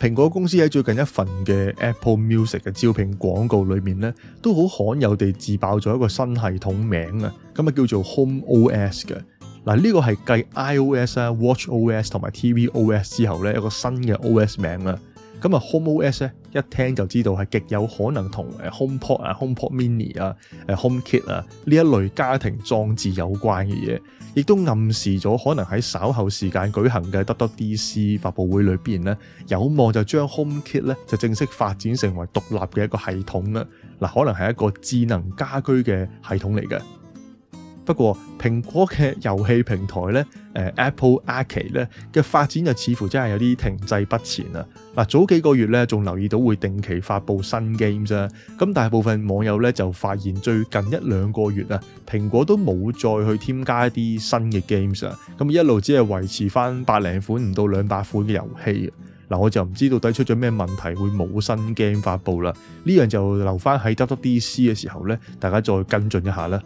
蘋果公司喺最近一份嘅 Apple Music 嘅招聘廣告裏面咧，都好罕有地自爆咗一個新系統名啊！咁啊叫做 Home OS 嘅，嗱，呢個係繼 iOS 啊、Watch OS 同埋 TV OS 之後咧一個新嘅 OS 名啊。咁啊，HomeOS 咧，Home OS 一聽就知道係極有可能同誒 HomePod 啊、HomePod Mini 啊、誒 HomeKit 啊呢一類家庭裝置有關嘅嘢，亦都暗示咗可能喺稍後時間舉行嘅 WWDC 發佈會裏邊咧，有望就將 HomeKit 咧就正式發展成為獨立嘅一個系統啦。嗱，可能係一個智能家居嘅系統嚟嘅。不過，蘋果嘅遊戲平台咧，誒、呃、Apple Arcade 咧嘅發展就似乎真係有啲停滯不前啊！嗱，早幾個月咧仲留意到會定期發布新 games 啊，咁大部分網友咧就發現最近一兩個月啊，蘋果都冇再去添加一啲新嘅 games 啊，咁一路只係維持翻百零款唔到兩百款嘅遊戲。嗱，我就唔知到底出咗咩問題會冇新 game 發布啦，呢樣就留翻喺 WDC 嘅時候咧，大家再跟進一下啦。